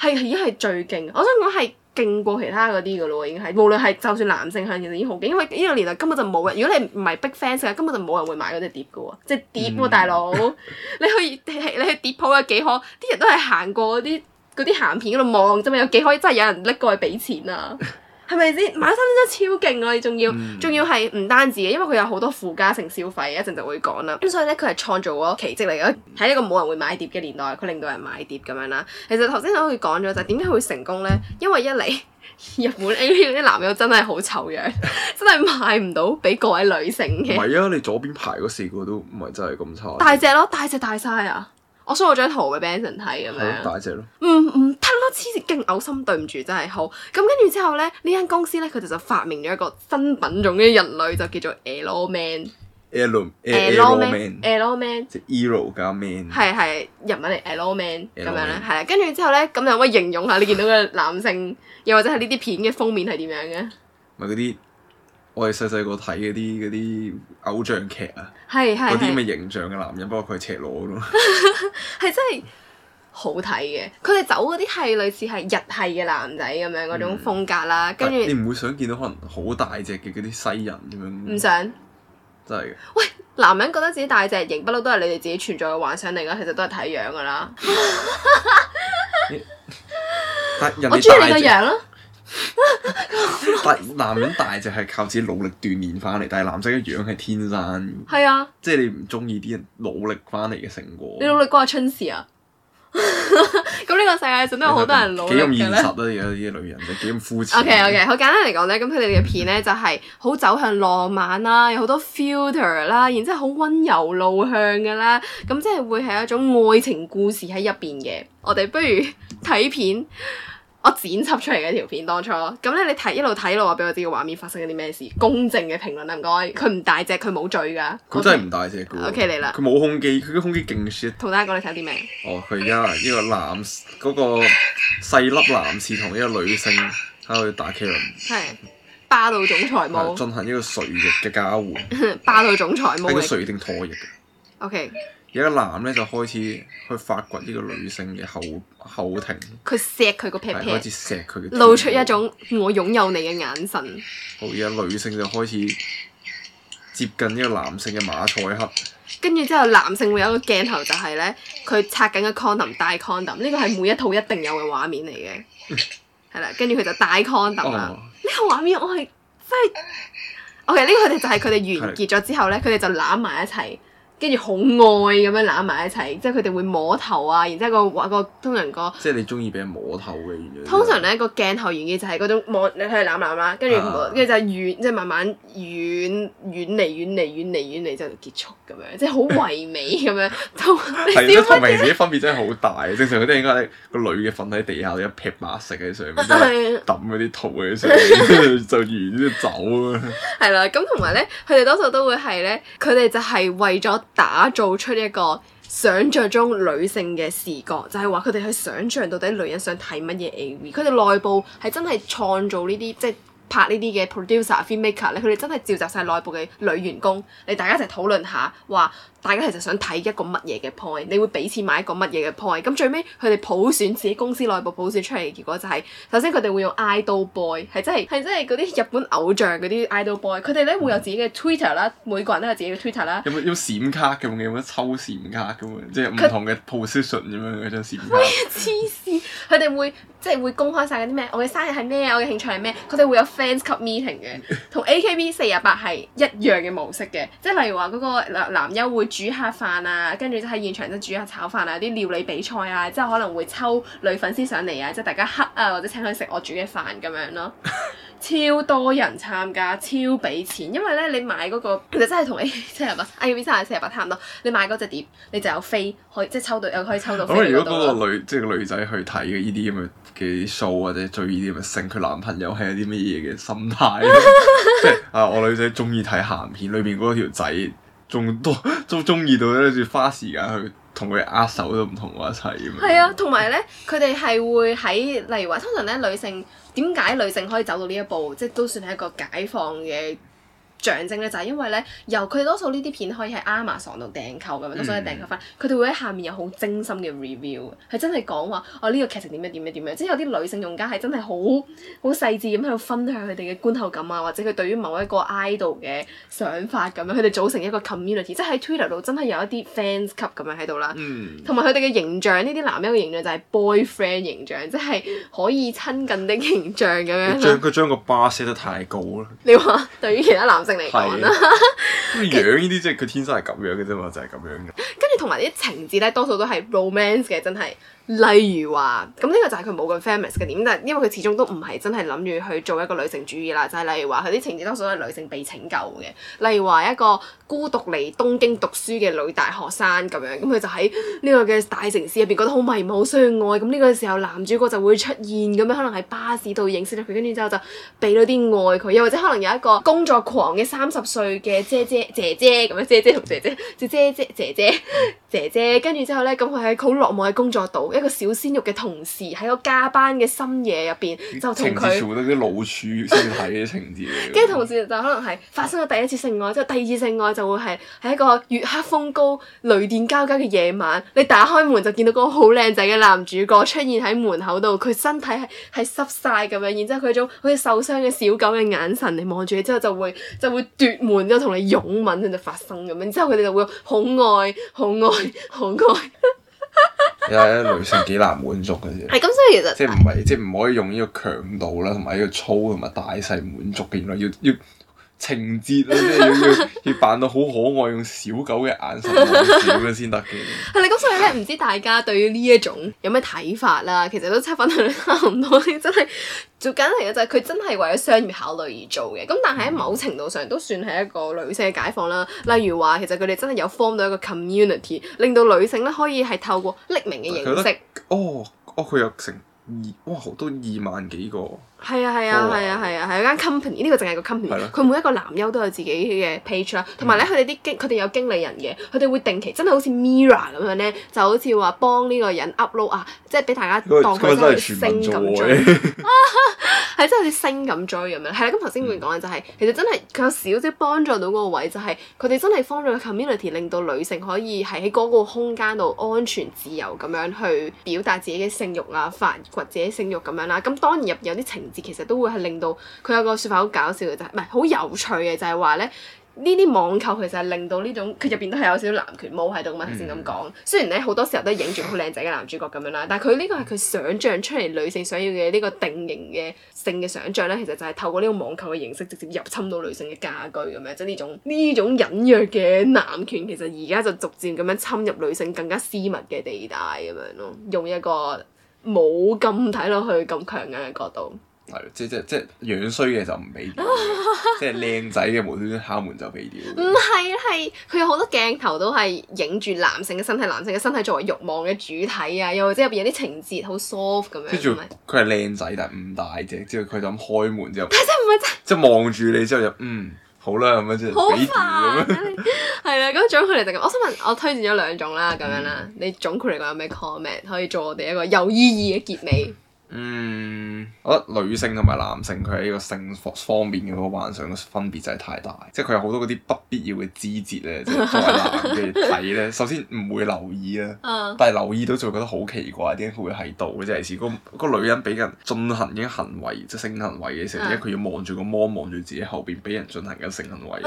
[SPEAKER 1] 係已經係最勁。我想講係。勁過其他嗰啲噶咯喎，已經係無論係就算男性向，其實已經好勁，因為呢個年代根本就冇人。如果你唔係 Big Fans 嘅，根本就冇人會買嗰隻碟噶喎，即碟喎，大佬。你去你去碟鋪有幾何？啲人都係行過嗰啲嗰啲鹹片嗰度望啫嘛，有幾何真係有人拎過去俾錢啊？ <laughs> 係咪先買衫真係超勁啊！你仲要仲、嗯、要係唔單止嘅，因為佢有好多附加性消費，一陣就會講啦。咁所以咧，佢係創造咗奇蹟嚟嘅。喺、嗯、一個冇人會買碟嘅年代，佢令到人買碟咁樣啦。其實頭先我都講咗就係點解會成功咧？因為一嚟日本 AV 啲男優真係好醜樣， <laughs> 真係賣唔到俾各位女性嘅。唔係啊！
[SPEAKER 2] 你左邊排嗰四個都唔係真係咁差。大
[SPEAKER 1] 隻咯，大隻大晒啊！我 show 我張圖俾 Benson 睇咁樣，大隻咯，唔唔得咯，黐線，勁嘔心，對唔住真係好。咁跟住之後咧，呢間公司咧佢哋就發明咗一個新品種嘅人類，就叫做 Ero Man。
[SPEAKER 2] Ero Ero Man Ero Man 即係 Hero 加 Man，
[SPEAKER 1] 係係人物嚟 Ero Man 咁樣啦，係啦。跟住之後咧，咁有乜形容下你見到嘅男性，又 <laughs> 或者係呢啲片嘅封面係點樣嘅？
[SPEAKER 2] 咪嗰啲我哋細細個睇嗰啲嗰啲偶像劇啊。
[SPEAKER 1] 係係嗰啲咁嘅
[SPEAKER 2] 形象嘅男人，不過佢係赤裸咯，
[SPEAKER 1] 係 <laughs> 真係好睇嘅。佢哋走嗰啲係類似係日系嘅男仔咁樣嗰種風格啦，跟住、嗯、著你
[SPEAKER 2] 唔會想見到可能好大隻嘅嗰啲西人咁樣，唔想真係嘅。喂，
[SPEAKER 1] 男人覺得自己大隻型，不嬲都係你哋自己存在嘅幻想嚟㗎，其實都係睇樣㗎啦。
[SPEAKER 2] 我中意你個樣咯。 <laughs> 男人大隻係靠自己努力鍛煉翻嚟，但係男仔嘅樣係天生嘅。係啊，即係你唔中意啲人努力翻嚟嘅成果。你
[SPEAKER 1] 努力過、啊、春事啊？咁 <laughs> 呢個世界仲都有好多人努力嘅幾咁現實啊！
[SPEAKER 2] 有啲女人就幾咁膚淺。OK OK，
[SPEAKER 1] 好簡單嚟講咧，咁佢哋嘅片咧就係好走向浪漫啦，有好多 filter 啦，然之後好溫柔路向嘅啦。咁即係會係一種愛情故事喺入邊嘅。我哋不如睇片。我剪輯出嚟嘅一條片當初，咁咧你睇一路睇落，我俾我知個畫面發生咗啲咩事？公正嘅評論啊，唔該，佢唔大隻，佢冇嘴㗎，佢真係唔
[SPEAKER 2] 大隻嘅 O K 嚟啦，佢冇胸肌，佢啲胸肌勁雪。
[SPEAKER 1] 同大家講，你睇啲咩？
[SPEAKER 2] 哦，佢而家呢個男嗰 <laughs> 個細粒男士同一個女性喺度打 K，係
[SPEAKER 1] 霸道總裁冇進
[SPEAKER 2] 行一個垂液嘅交換。
[SPEAKER 1] 霸 <laughs> 道總裁冇係個垂
[SPEAKER 2] 液定唾液？O K。Okay. 而家男咧就開始去發掘呢個女性嘅後後庭，
[SPEAKER 1] 佢錫佢個 pair pair，開
[SPEAKER 2] 始錫佢，露出一
[SPEAKER 1] 種我擁有你嘅眼神。
[SPEAKER 2] 好，而家女性就開始接近呢個男性嘅馬賽克。
[SPEAKER 1] 跟住之後，男性會有一個鏡頭就係咧，佢拆緊個 condom，戴 condom，呢個係每一套一定有嘅畫面嚟嘅。係啦， <laughs> 跟住佢就戴 condom 啦。呢、哦、個畫面我係真係，OK 呢個佢哋就係佢哋完結咗之後咧，佢哋的就攬埋一齊。跟住好愛咁樣攬埋一齊，即係佢哋會摸頭啊，然之後、個話個通常、個，
[SPEAKER 2] 即係你中意俾人摸頭嘅，原來、就係、通
[SPEAKER 1] 常咧、個鏡頭嘅就係嗰種摸你睇佢攬攬啦，跟住跟住就遠，即係慢慢遠遠離遠離遠離遠離就結束咁樣，即係好唯美咁樣。 <laughs> <laughs> 同點同平常啲
[SPEAKER 2] 分別真係好大，正常嗰啲應該個女嘅瞓喺地下，一撇白色喺上面，揼嗰啲圖喺上面， <laughs> 就遠走
[SPEAKER 1] 啊。係啦，咁同埋咧，佢哋多數都會係咧，佢哋就係為咗，打造出一個想像中女性嘅視覺，就係話佢哋去想像到底女人想睇乜嘢 AV，佢哋內部係真係創造呢啲即係。就是拍呢啲嘅 producer、filmmaker 咧，佢哋真係召集晒內部嘅女員工嚟，大家一齊討論下，話大家其實想睇一個乜嘢嘅 point，你會俾錢買一個乜嘢嘅 point，咁最尾佢哋普選自己公司內部普選出嚟嘅結果就係、是，首先佢哋會用 idol boy，係真係係真係嗰啲日本偶像嗰啲 idol boy，佢哋咧會有自己嘅 twitter 啦，每個人都有自己嘅 twitter 啦。
[SPEAKER 2] 有冇有，有閃卡嘅？有冇抽閃卡嘅？他即係唔同嘅 position 咁樣嗰啲閃卡。
[SPEAKER 1] 黐線，佢哋會。即係會公開晒嗰啲咩，我嘅生日係咩啊，我嘅興趣係咩？佢哋會有 fans 級 meeting 嘅，同 AKB 四啊八係一樣嘅模式嘅。即係例如話嗰個男男優會煮下飯啊，跟住就喺現場就煮下炒飯啊，啲料理比賽啊，即係可能會抽女粉絲上嚟啊，即係大家黑啊，或者請佢食我煮嘅飯咁樣咯。 <laughs> 超多人參加，超畀錢，因為咧你買嗰、那個其實真係同 A 七百、AV、哎、三啊四百差唔多。你買嗰隻碟，你就有飛，可以即係抽到，有可以抽到，到。咁、嗯、如果嗰
[SPEAKER 2] 個女，嗯、即係個女仔去睇嘅呢啲咁嘅嘅數或者追呢啲，咁嘅性佢男朋友係有啲乜嘢嘅心態？即係啊，我女仔中意睇鹹片，裏邊嗰條仔仲多都中意到咧，要花時間去。同佢握手都唔同我一齊咁樣。係 <laughs>
[SPEAKER 1] 啊，同埋咧，佢哋係會喺，例如話，通常咧女性，點解女性可以走到呢一步，即都算係一個解放嘅象徵咧就係、是、因為咧，由佢哋多數呢啲片可以喺 Amazon 度訂購咁樣，都所以訂購翻。佢哋、嗯、會喺下面有好精心嘅 review，係真係講話哦呢、這個劇情點樣點樣點樣。即係有啲女性用家係真係好好細緻咁喺度分享佢哋嘅觀後感啊，或者佢對於某一個 idol 嘅想法咁、啊、樣，佢哋組成一個 community，即係喺 Twitter 度真係有一啲 fans 級咁樣喺度啦。同埋佢哋嘅形象，呢啲男人嘅形象就係 boyfriend 形象，即係可以親近的形象咁樣。佢將，
[SPEAKER 2] 將個巴 a 得太高啦。
[SPEAKER 1] 你話對於其他男性？ <laughs>
[SPEAKER 2] 嚟啦，咁 <laughs> 他樣呢啲即係佢天生係咁樣嘅啫嘛，就係、是、咁樣嘅。
[SPEAKER 1] 跟住同埋啲情節咧，多數都係 romance 嘅，真係。例如話，咁呢個就係佢冇咁 famous 嘅點，但係因為佢始終都唔係真係諗住去做一個女性主義啦，就係、是、例如話佢啲情節多數都係女性被拯救嘅。例如話一個孤獨嚟東京讀書嘅女大學生咁樣，咁佢就喺呢個嘅大城市入邊覺得好迷茫、好傷害。咁呢個時候男主角就會出現，咁樣可能喺巴士度認識咗佢，跟住之後就俾咗啲愛佢，又或者可能有一個工作狂。嘅三十歲嘅姐姐姐姐咁樣，姐姐同姐姐姐姐姐姐姐姐，跟住之後咧，咁佢喺好落寞嘅工作度，一個小鮮肉嘅同事喺個加班嘅深夜入邊就同佢做
[SPEAKER 2] 到啲老鼠身體嘅情節，
[SPEAKER 1] 跟住同事就可能係發生咗第一次性愛，之後第二次性愛就會係喺一個月黑風高、雷電交加嘅夜晚，你打開門就見到個好靚仔嘅男主角出現喺門口度，佢身體係係濕晒咁樣，然之後佢種好似受傷嘅小狗嘅眼神，你望住佢之後就會。就會奪門之後同你擁吻跟住發生咁樣，然之後佢哋就會好愛、好愛、好愛。
[SPEAKER 2] 你睇下 <laughs> 啲女性幾難滿足嘅，係咁， <laughs> 所以其實即係唔係，即係唔可以用呢個強度啦，同埋呢個粗同埋大細滿足嘅，原來要要，要情節啦，要要扮到好可愛，用小狗嘅眼神咁樣先得嘅。
[SPEAKER 1] 係咁，所以咧，唔知大家對於呢一種有咩睇法啦？其實都差分量差唔多，真係最緊要嘅就係佢真係為咗商業考慮而做嘅。咁但係喺某程度上都算係一個女性嘅解放啦。例如話，其實佢哋真係有 form 到一個 community，令到女性咧可以係透過匿名嘅形式。
[SPEAKER 2] 哦，哦，佢有成二哇好多二萬幾個。
[SPEAKER 1] 係 <noise> 啊係 <noise> 啊係 <noise> 啊係啊係一間 company 呢個淨係個 company，佢每一個男優都有自己嘅 page 啦，同埋咧佢哋啲經佢哋有經理人嘅，佢哋會定期真係好似 Mira 咁樣咧，就好似話幫呢個人 upload 啊，即係俾大家當佢真係星咁追，係真係 <laughs> <laughs> <laughs> 星咁追咁樣。係啦、啊，咁頭先我哋講嘅就係、是嗯、其實真係佢有少少幫助到嗰個位、就是，就係佢哋真係放咗個 community，令到女性可以係喺嗰個空間度安全自由咁樣去表達自己嘅性慾啊，發掘自己性慾咁樣啦。咁當然入邊有啲情。其實都會係令到佢有個説法好搞笑嘅，就係唔係好有趣嘅，就係話咧呢啲網購其實係令到呢種佢入邊都係有少少男權冇喺度咁樣。頭先咁講，雖然咧好多時候都係影住好靚仔嘅男主角咁樣啦，但係佢呢個係佢想像出嚟女性想要嘅呢個定型嘅性嘅想像咧，其實就係透過呢個網購嘅形式直接入侵到女性嘅家居咁樣，即係呢種呢種隱約嘅男權，其實而家就逐漸咁樣侵入女性更加私密嘅地帶咁樣咯，用一個冇咁睇落去咁強硬嘅角度。
[SPEAKER 2] 係，即即即樣衰嘅就唔俾，即靚仔嘅無端端敲門就俾啲。
[SPEAKER 1] 唔係啊，係佢有好多鏡頭都係影住男性嘅身體，男性嘅身體作為欲望嘅主體啊，又或者入邊有啲情節好 soft 咁樣。之後
[SPEAKER 2] 佢係靚仔，但係唔大隻，之後佢就咁開門之後。但係真唔係真。即望住你之後就嗯好啦咁樣即。好、就係、煩。
[SPEAKER 1] 係 <laughs> 樣啊，咁 <laughs> 總括嚟講，我想問我推薦咗兩種啦，咁樣啦，你總括嚟講有咩 comment 可以做我哋一個有意義嘅結尾？ <laughs>
[SPEAKER 2] 嗯，我覺得女性同埋男性佢喺呢個性方方面嘅個幻想嘅分別就係太大，即係佢有好多嗰啲不必要嘅枝節咧，即係都係男嘅睇咧。 <laughs> 首先唔會留意啊， <laughs> 但係留意到就會覺得好奇怪，點解佢會喺度嘅，即係似個、嗰個女人俾人進行嘅行為，即係性行為嘅時候咧，佢要望住個魔，望住自己後邊俾人進行緊性行為。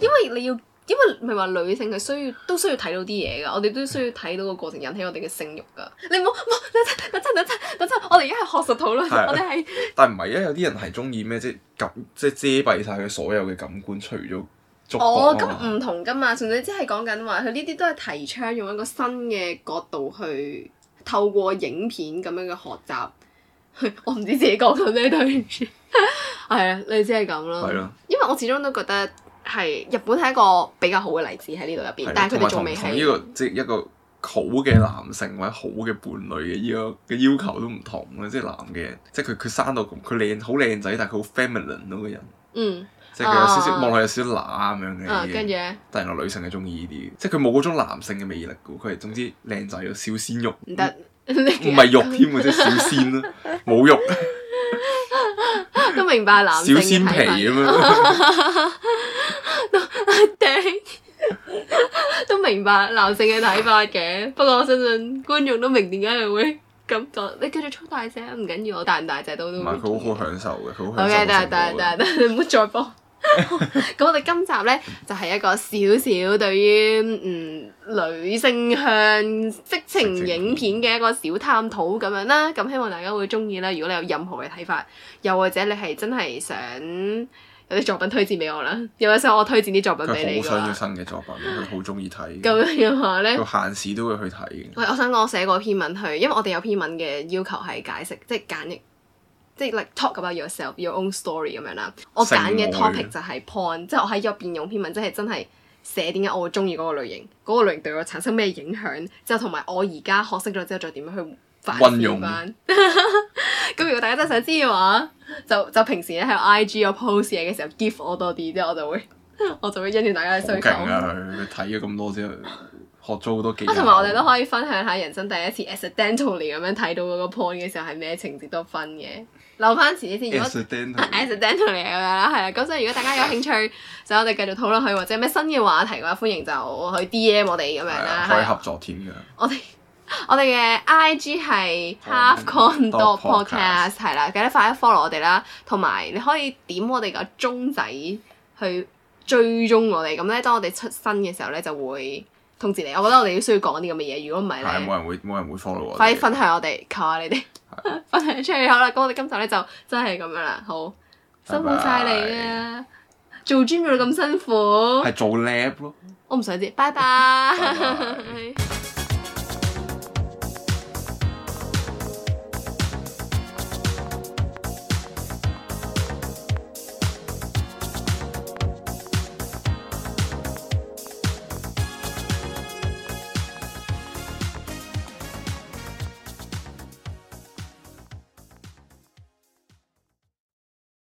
[SPEAKER 1] 因為你要。因為唔係話女性係需要都需要睇到啲嘢噶，我哋都需要睇到個過程引起我哋嘅性欲噶。你冇冇，等陣等陣等陣，我哋而家係學術討論，的我哋係。
[SPEAKER 2] 但唔係啊，有啲人係中意咩，即係感，即係遮蔽晒佢所有嘅感官，除咗觸覺哦，咁唔
[SPEAKER 1] 同噶嘛，純粹即係講緊話，佢呢啲都係提倡用一個新嘅角度去透過影片咁樣嘅學習。 <laughs> 我唔知自己講緊咩，對唔住。係 <laughs> 啊，你只係咁咯。咯的。因為我始終都覺得。係日本係一個比較好嘅例子喺呢度入邊，但係佢哋仲未係呢個、這個、
[SPEAKER 2] 即係一,一個好嘅男性或者好嘅伴侶嘅要嘅要求都唔同嘅，即係男嘅，即係佢佢生到咁，佢靚好靚仔，但係佢好 feminine 嗰個人，嗯，即係佢有少少望落、啊、有少乸咁樣嘅嘢。啊、跟住咧、但係個女性係中意呢啲即係佢冇嗰種男性嘅魅力嘅，佢係總之靚仔咯，有小鮮肉，
[SPEAKER 1] 唔得，唔係肉添，即係小鮮
[SPEAKER 2] 咯，冇肉。行
[SPEAKER 1] 都明白男性睇法，都頂，都明白男性嘅睇法嘅。不過我相信觀眾都明點解會咁講。你繼續操大隻，唔緊要，我大唔大隻都都。唔係佢好
[SPEAKER 2] 好享受嘅，佢好享受。
[SPEAKER 1] 好嘅，得得得得，你唔好再播。咁 <laughs> <laughs> 我哋今集咧就係、是、一個小小對於嗯女性向色情影片嘅一個小探討咁樣啦，咁、嗯、希望大家會中意啦。如果你有任何嘅睇法，又或者你係真係想有啲作品推薦俾我啦，又或者想我推薦啲作品俾你？佢好想要新
[SPEAKER 2] 嘅作品，佢好中意睇。咁 <laughs> 樣嘅話咧，佢閒時都會去睇。
[SPEAKER 1] 我我想講，我寫過篇文去，因為我哋有篇文嘅要求係解釋，即係簡易。即係 like talk about yourself, your own story 咁樣啦。我揀嘅 topic 就係 porn 即係我喺入邊用篇文，即係真係寫點解我會中意嗰個類型，嗰個類型對我產生咩影響，之後同埋我而家學識咗之後再點樣去運用翻。咁如果大家真係想知嘅話，就就平時喺 IG 我 post 嘢嘅時候，give 我多啲，之後我就會 <laughs> 我就會因應大家嘅需求。
[SPEAKER 2] 勁啊！你睇咗咁多之後， <laughs> 學咗好多技巧。啊，同埋我哋
[SPEAKER 1] 都可以分享下人生第一次 accidentally 咁樣睇到嗰個 porn 嘅時候係咩情節得分嘅。留翻遲啲先，如果 accidental 嚟咁樣啦，係啊，咁所以如果大家有興趣， <laughs> 就我哋繼續討論佢，或者咩新嘅話題嘅話，歡迎就去 DM 我哋咁樣啦。對的可以
[SPEAKER 2] 合作添㗎。我哋
[SPEAKER 1] 我哋嘅 IG 係 halfkong.podcast 係啦，記得快啲 follow 我哋啦，同埋你可以點我哋個鐘仔去追蹤我哋，咁咧當我哋出新嘅時候咧就會通知你。我覺得我哋要需要講啲咁嘅嘢，如果唔係咧，冇人
[SPEAKER 2] 會冇人會 follow 我哋。快啲 <laughs> 分
[SPEAKER 1] 享我哋，求下你哋。分享 <laughs> 出去好啦，咁我哋今集咧就真係咁樣啦，好
[SPEAKER 2] 辛苦晒你啊，bye
[SPEAKER 1] bye 做 gym 到咁辛苦，
[SPEAKER 2] 係做 lab 咯，我
[SPEAKER 1] 唔想知，拜拜。 <laughs> bye bye <laughs>